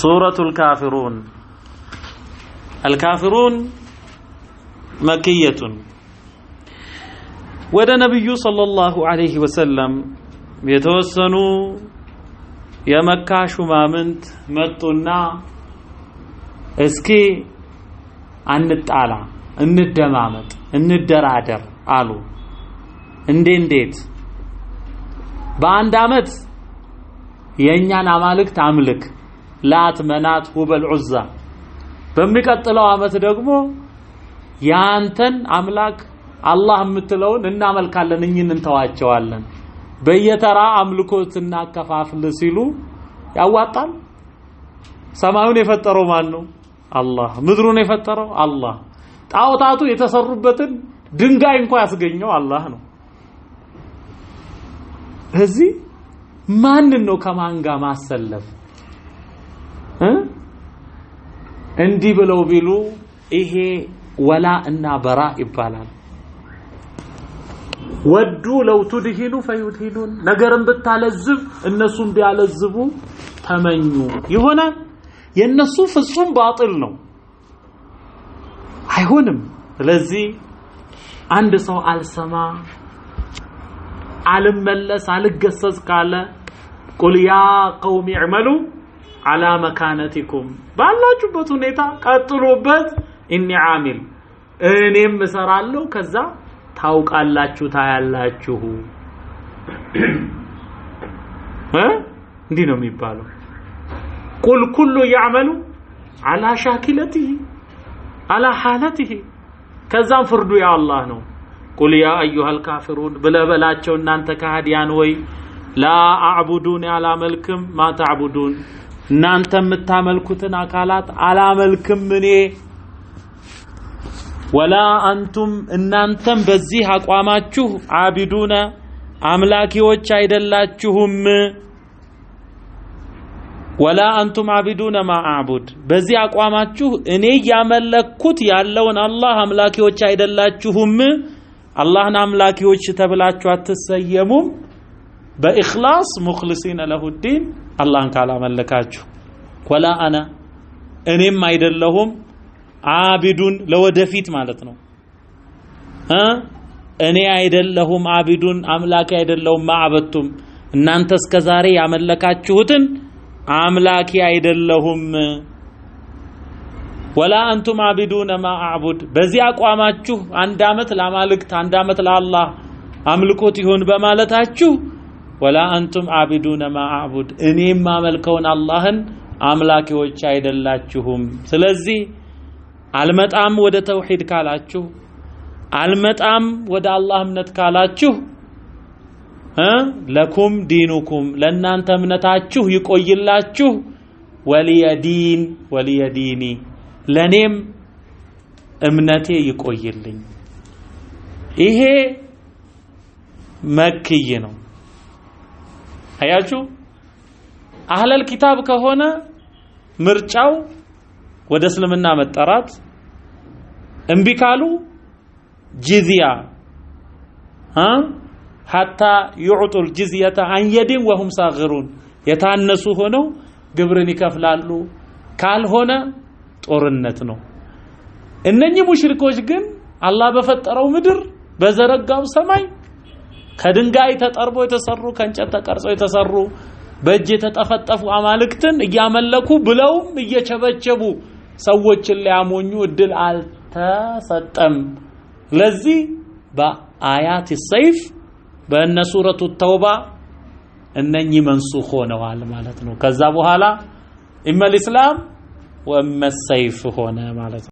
ሱረቱ አልካፊሩን አልካፊሩን መክየቱን ወደ ነቢዩ ሰለላሁ ዐለይሂ ወሰለም የተወሰኑ የመካ ሹማምንት መጡና እስኪ አንጣላ፣ እንደማመጥ፣ እንደራደር አሉ። እንዴ እንዴት በአንድ አመት የእኛን አማልክት አምልክ ላት፣ መናት፣ ሁበል፣ ዑዛ በሚቀጥለው አመት ደግሞ ያንተን አምላክ አላህ የምትለውን እናመልካለን እኝን እንተዋቸዋለን በየተራ አምልኮት እናከፋፍል ሲሉ ያዋጣል? ሰማዩን የፈጠረው ማን ነው? አላህ። ምድሩን የፈጠረው አላህ። ጣዖታቱ የተሰሩበትን ድንጋይ እንኳ ያስገኘው አላህ ነው። እዚህ ማንን ነው ከማን ጋር ማሰለፍ እንዲህ ብለው ቢሉ ይሄ ወላ እና በራ ይባላል። ወዱ ለውቱ ድሂኑ ፈዩድሂኑን ነገርን ብታለዝብ እነሱን ቢያለዝቡ ተመኙ ይሆናል። የእነሱ ፍጹም ባጥል ነው፣ አይሆንም። ስለዚህ አንድ ሰው አልሰማ አልመለስ አልገሰዝ ካለ ቁል ያ ቀውም ይዕመሉ አላ መካነቲኩም ባላችሁበት ሁኔታ ቀጥሎበት ኢኒ ዓሚል እኔም እሰራለሁ፣ ከዛ ታውቃላችሁ፣ ታያላችሁ። እንዲህ ነው የሚባለው። ቁል ኩሉ ያዕመሉ አላ ሻኪለትህ አላ ሐለትህ። ከዛም ፍርዱ የአላህ ነው። ቁል ያ አዩሃል ካፊሩን ብለህ እናንተ ከሃዲያን ወይ ላ አዕቡዱን አላመልክም ማ ተዕቡዱን እናንተ የምታመልኩትን አካላት አላመልክም እኔ ወላ አንቱም እናንተም በዚህ አቋማችሁ አቢዱነ አምላኪዎች አይደላችሁም ወላ አንቱም አቢዱነ ማ አዕቡድ በዚህ አቋማችሁ እኔ እያመለኩት ያለውን አላህ አምላኪዎች አይደላችሁም አላህን አምላኪዎች ተብላችሁ አትሰየሙም በኢኽላስ ሙኽልሲነ ለሁዲን አላህን ካላመለካችሁ ወላ አና እኔም አይደለሁም አቢዱን ለወደፊት ማለት ነው እኔ አይደለሁም አቢዱን አምላኬ አይደለሁም ማዕበቱም እናንተ እስከ ዛሬ ያመለካችሁትን አምላኬ አይደለሁም ወላ አንቱም አቢዱነ ማ አዕቡድ በዚህ አቋማችሁ አንድ አመት ለአማልክት አንድ ዓመት ለአላህ አምልኮት ይሁን በማለታችሁ ወላ አንቱም አቢዱነ ማ አዕቡድ እኔም ማመልከውን አላህን አምላኪዎች አይደላችሁም። ስለዚህ አልመጣም ወደ ተውሂድ ካላችሁ አልመጣም ወደ አላህ እምነት ካላችሁ ለኩም ዲኑኩም ለእናንተ እምነታችሁ ይቆይላችሁ፣ ወሊየ ዲን ወሊየ ዲኒ ለእኔም እምነቴ ይቆይልኝ። ይሄ መክይ ነው። አያችሁ አህለል ኪታብ ከሆነ ምርጫው ወደ እስልምና መጠራት፣ እምቢ ካሉ ጂዝያ ሀታ ዩዕጡል ጂዝየተ አንየዲን ወሁም ሳግሩን የታነሱ ሆነው ግብርን ይከፍላሉ። ካልሆነ ጦርነት ነው። እነኚህ ሙሽሪኮች ግን አላህ በፈጠረው ምድር በዘረጋው ሰማይ ከድንጋይ ተጠርቦ የተሰሩ ከእንጨት ተቀርጾ የተሰሩ በእጅ የተጠፈጠፉ አማልክትን እያመለኩ ብለውም እየቸበቸቡ ሰዎችን ሊያሞኙ እድል አልተሰጠም። ለዚህ በአያት ሰይፍ በእነ ሱረቱ ተውባ እነኚህ መንሱክ ሆነዋል ማለት ነው። ከዛ በኋላ ኢመል ኢስላም ወእመ ሆነ ማለት ነው።